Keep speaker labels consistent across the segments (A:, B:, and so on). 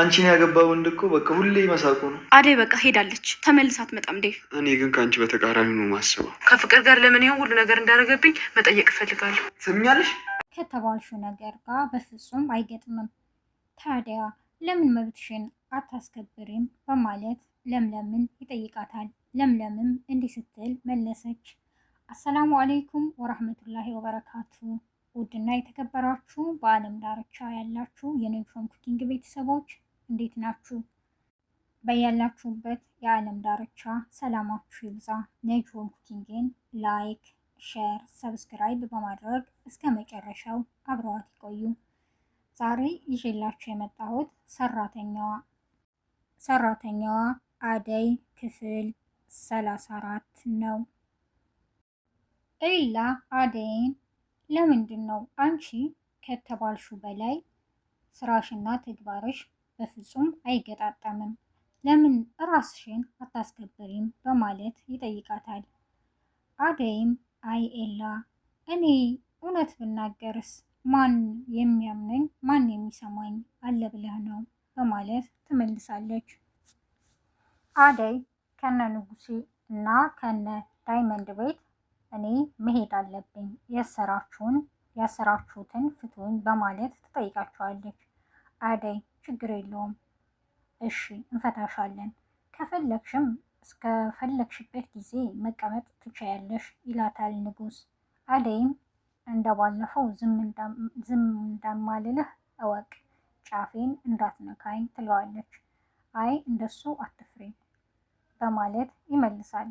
A: አንቺን ያገባ ወንድ እኮ በቃ ሁሌ መሳቁ ነው።
B: አደይ በቃ ሄዳለች፣ ተመልሳት መጣም ዴ።
A: እኔ ግን ከአንቺ በተቃራኒ ነው ማስበው።
B: ከፍቅር ጋር ለምን ይሆን ሁሉ ነገር እንዳደረገብኝ መጠየቅ እፈልጋለሁ።
A: ትሰሚኛለሽ?
C: ከተባልሽው ነገር ጋር በፍጹም አይገጥምም። ታዲያ ለምን መብትሽን አታስከብሪም? በማለት ለምለምን ይጠይቃታል። ለምለምም እንዲህ ስትል መለሰች። አሰላሙ አሌይኩም ወራህመቱላሂ ወበረካቱ። ውድና የተከበራችሁ በዓለም ዳርቻ ያላችሁ የነጅም ኩኪንግ ቤተሰቦች እንዴት ናችሁ? በያላችሁበት የዓለም ዳርቻ ሰላማችሁ ይብዛ። ነጅሆን ኩኪንግን ላይክ፣ ሼር፣ ሰብስክራይብ በማድረግ እስከ መጨረሻው አብረዋት ይቆዩ። ዛሬ ይዤላችሁ የመጣሁት ሰራተኛዋ ሰራተኛዋ አደይ ክፍል ሰላሳ አራት ነው። ኤላ አደይን ለምንድን ነው አንቺ ከተባልሹ በላይ ስራሽና ተግባርሽ በፍጹም አይገጣጠምም። ለምን ራስሽን አታስከብሪም? በማለት ይጠይቃታል። አደይም አይ ኤላ፣ እኔ እውነት ብናገርስ ማን የሚያምነኝ ማን የሚሰማኝ አለ ብለህ ነው በማለት ትመልሳለች። አደይ ከነ ንጉሴ እና ከነ ዳይመንድ ቤት እኔ መሄድ አለብኝ፣ የሰራችሁን ያሰራችሁትን ፍቱን በማለት ትጠይቃቸዋለች። አደይ ችግር የለውም እሺ እንፈታሻለን፣ ከፈለግሽም እስከፈለግሽበት ጊዜ መቀመጥ ትቻያለሽ ይላታል ንጉስ። አደይም እንደባለፈው ዝም እንዳማልልህ እወቅ፣ ጫፌን እንዳትነካኝ ትለዋለች። አይ እንደሱ አትፍሪ በማለት ይመልሳል።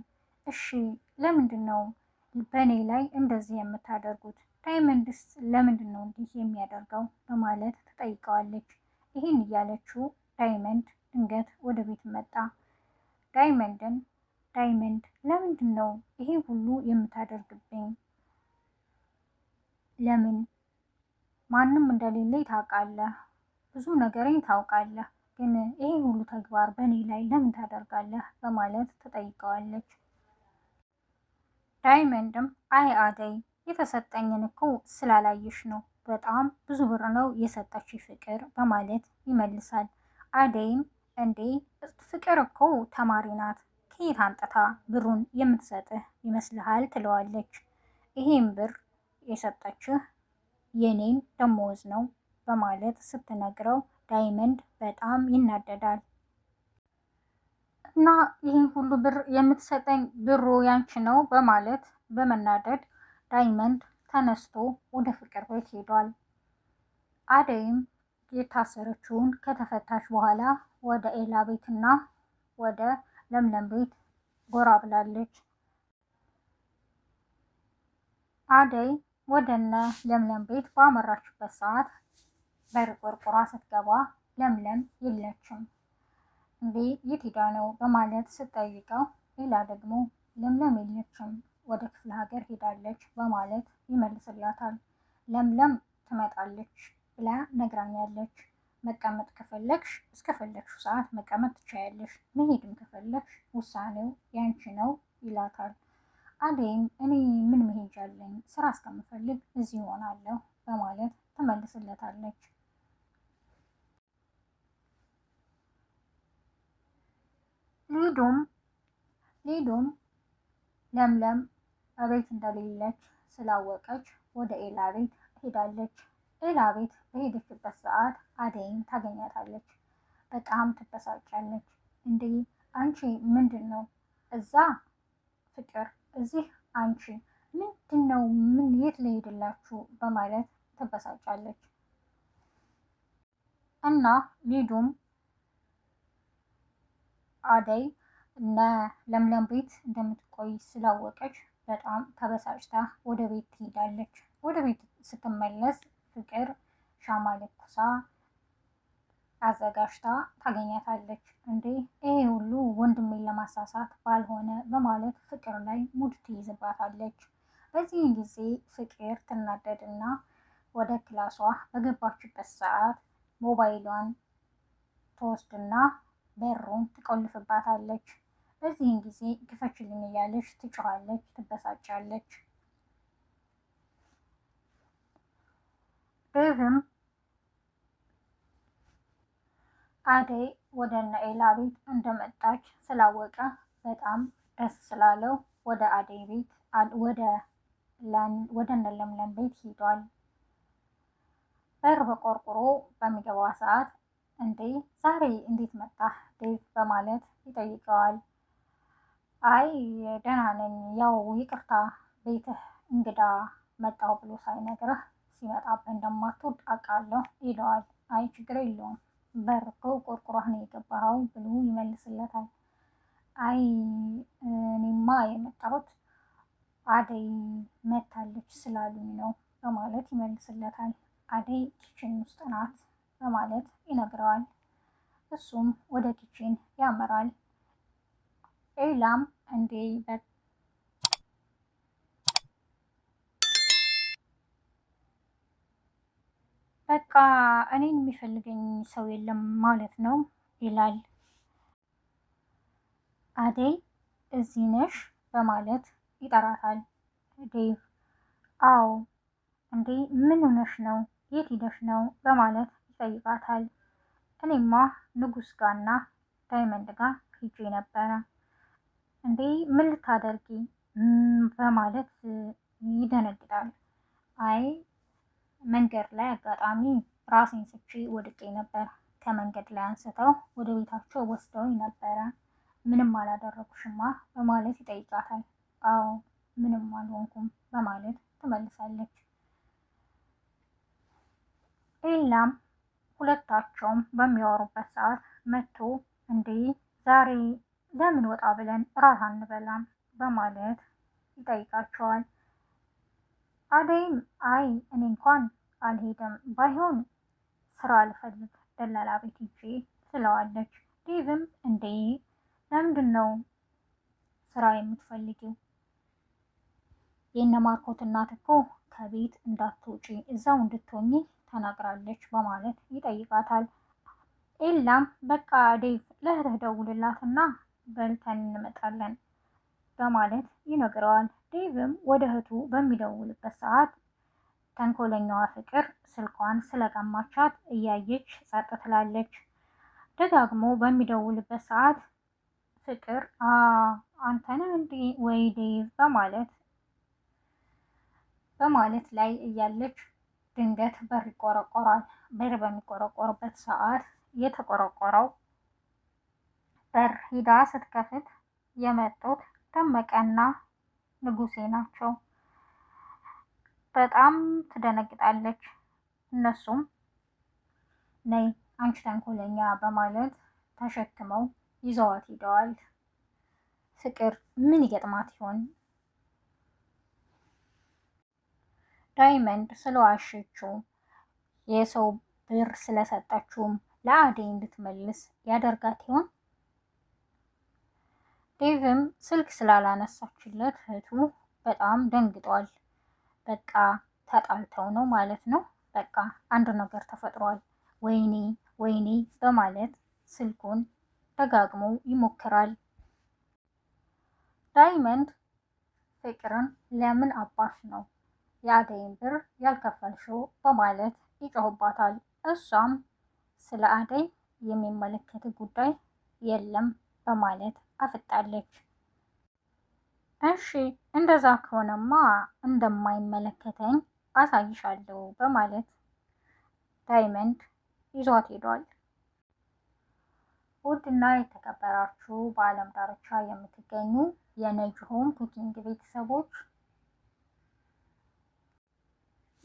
C: እሺ ለምንድን ነው በእኔ ላይ እንደዚህ የምታደርጉት? ዳይመንድስ ለምንድን ነው እንዲህ የሚያደርገው? በማለት ትጠይቀዋለች። ይህን እያለችው ዳይመንድ ድንገት ወደ ቤት መጣ። ዳይመንድን ዳይመንድ ለምንድን ነው ይሄ ሁሉ የምታደርግብኝ? ለምን ማንም እንደሌለ ታውቃለህ፣ ብዙ ነገሬን ታውቃለህ፣ ግን ይሄ ሁሉ ተግባር በእኔ ላይ ለምን ታደርጋለህ? በማለት ትጠይቀዋለች። ዳይመንድም አይ አደይ የተሰጠኝን እኮ ስላላየሽ ነው በጣም ብዙ ብር ነው የሰጠች ፍቅር በማለት ይመልሳል። አደይም እንዴ ፍቅር እኮ ተማሪ ናት ከየት አንጥታ ብሩን የምትሰጥህ ይመስልሃል? ትለዋለች። ይሄን ብር የሰጠችህ የኔን ደሞዝ ነው በማለት ስትነግረው ዳይመንድ በጣም ይናደዳል። እና ይህን ሁሉ ብር የምትሰጠኝ ብሩ ያንቺ ነው በማለት በመናደድ ዳይመንድ ተነስቶ ወደ ፍቅር ቤት ሄዷል። አደይም የታሰረችውን ከተፈታች በኋላ ወደ ኤላ ቤትና ወደ ለምለም ቤት ጎራ ብላለች። አደይ ወደነ ለምለም ቤት ባመራችበት ሰዓት በር ቆርቁራ ስትገባ ለምለም የለችም። እንዴ የት ሄዳ ነው በማለት ስትጠይቀው ሌላ ደግሞ ለምለም የለችም ወደ ክፍለ ሀገር ሄዳለች በማለት ይመልስላታል። ለምለም ትመጣለች ብላ ነግራኛለች። መቀመጥ ከፈለግሽ እስከፈለግሽ ሰዓት መቀመጥ ትቻያለሽ፣ መሄድም ከፈለግሽ ውሳኔው ያንቺ ነው ይላታል። አደይም እኔ ምን መሄጃ ስራ እስከምፈልግ እዚህ ይሆናለሁ በማለት ትመልስለታለች። ሊዱም ሊዱም ለምለም እቤት እንደሌለች ስላወቀች ወደ ኤላ ቤት ሄዳለች። ኤላ ቤት በሄደችበት ሰዓት አደይን ታገኛታለች። በጣም ትበሳጫለች። እንዴ አንቺ ምንድን ነው እዛ ፍቅር እዚህ አንቺ ምንድን ነው ምን የት ልሄድላችሁ በማለት ትበሳጫለች። እና ሊዱም አደይ እነ ለምለም ቤት እንደምትቆይ ስላወቀች በጣም ተበሳጭታ ወደ ቤት ትሄዳለች። ወደ ቤት ስትመለስ ፍቅር ሻማ ለኩሳ አዘጋጅታ ታገኛታለች። እንዴ ይሄ ሁሉ ወንድሜን ለማሳሳት ባልሆነ በማለት ፍቅር ላይ ሙድ ትይዝባታለች። በዚህን ጊዜ ፍቅር ትናደድና ወደ ክላሷ በገባችበት ሰዓት ሞባይሏን ትወስድና በሩን ትቆልፍባታለች። በዚህን ጊዜ ክፈችልኝ እያለች ትጮኻለች፣ ትበሳጫለች። ዴቭም አደይ ወደ ነኤላ ቤት እንደመጣች ስላወቀ በጣም ደስ ስላለው ወደ አደይ ቤት ወደ እነ ቤት ሂዷል። በር በቆርቆሮ በሚገባ ሰዓት እንዴ ዛሬ እንዴት መጣህ ዴቭ በማለት ይጠይቀዋል። አይ ደህና ነኝ፣ ያው ይቅርታ ቤትህ እንግዳ መጣው ብሎ ሳይነግርህ ሲመጣብህ እንደማትወድ አውቃለሁ ይለዋል። አይ ችግር የለውም በር እኮ ቆርቁረህ ነው የገባኸው ብሎ ይመልስለታል። አይ እኔማ የመጣሁት አደይ መታለች ስላሉኝ ነው በማለት ይመልስለታል። አደይ ኪችን ውስጥ ናት። በማለት ይነግረዋል። እሱም ወደ ኪችን ያመራል። ኤላም እንዴ በቃ እኔን የሚፈልገኝ ሰው የለም ማለት ነው ይላል። አደይ እዚህ ነሽ በማለት ይጠራታል። ዴቭ አዎ እንዴ ምን ሆነሽ ነው? የት ሄደሽ ነው? በማለት ይጠይቃታል። እኔማ ንጉስ ጋና ዳይመንድ ጋር ሂጄ ነበረ እንዴ ምን ልታደርጊ በማለት ይደነግጣል። አይ መንገድ ላይ አጋጣሚ ራሴን ስቼ ወድቄ ነበር። ከመንገድ ላይ አንስተው ወደ ቤታቸው ወስደውኝ ነበረ። ምንም አላደረኩሽማ በማለት ይጠይቃታል። አዎ ምንም አልሆንኩም በማለት ትመልሳለች። ኤላም ሁለታቸውም በሚያወሩበት ሰዓት መጥቶ እንዴ ዛሬ ለምን ወጣ ብለን እራት አንበላም በማለት ይጠይቃቸዋል። አደይም አይ እኔ እንኳን አልሄደም ባይሆን ስራ አልፈልግ ደላላ ቤት ሂጄ ትለዋለች። ዴቭም እንዴ ለምንድን ነው ስራ የምትፈልጊው? የእነ ማርኮት እናት እኮ ከቤት እንዳትወጪ እዛው እንድትሆኚ ተናግራለች በማለት ይጠይቃታል። ኤላም በቃ ዴቭ ለእህትህ ደውልላትና በልተን እንመጣለን በማለት ይነግረዋል። ዴቭም ወደ እህቱ በሚደውልበት ሰዓት ተንኮለኛዋ ፍቅር ስልኳን ስለቀማቻት እያየች ጸጥ ትላለች። ደጋግሞ በሚደውልበት ሰዓት ፍቅር አንተነ እንዲ ወይ ዴቭ በማለት በማለት ላይ እያለች ድንገት በር ይቆረቆራል። በር በሚቆረቆርበት ሰዓት የተቆረቆረው በር ሂዳ ስትከፍት የመጡት ደመቀና ንጉሴ ናቸው። በጣም ትደነግጣለች። እነሱም ነይ አንቺ ተንኮለኛ በማለት ተሸክመው ይዘዋት ሂደዋል። ፍቅር ምን ይገጥማት ይሆን? ዳይመንድ ስለዋሸችው የሰው ብር ስለሰጠችውም ለአደይ እንድትመልስ ያደርጋት ይሆን? ዴቭም ስልክ ስላላነሳችለት እህቱ በጣም ደንግጧል። በቃ ተጣልተው ነው ማለት ነው። በቃ አንድ ነገር ተፈጥሯል። ወይኔ ወይኔ በማለት ስልኩን ደጋግሞ ይሞክራል። ዳይመንድ ፍቅርን ለምን አባት ነው የአደይን ብር ያልከፈልሽው በማለት ይጮሁባታል። እሷም ስለ አደይ የሚመለከት ጉዳይ የለም በማለት አፍጣለች። እሺ እንደዛ ከሆነማ እንደማይመለከተኝ አሳይሻለሁ በማለት ዳይመንድ ይዟት ሄዷል። ውድና የተከበራችሁ በዓለም ዳርቻ የምትገኙ የነጅሆም ኩኪንግ ቤተሰቦች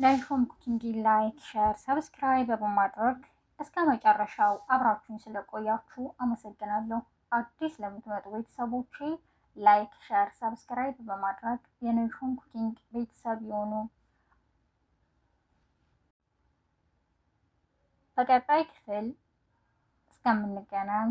C: ለሾም ኩኪንግ ላይክ፣ ሸር፣ ሰብስክራይብ በማድረግ እስከ መጨረሻው አብራችሁን ስለቆያችሁ አመሰግናለሁ። አዲስ ለምትመጡ ቤተሰቦቼ ላይክ፣ ሸር፣ ሰብስክራይብ በማድረግ የነሾም ኩኪንግ ቤተሰብ የሆኑ በቀጣይ ክፍል እስከምንገናኝ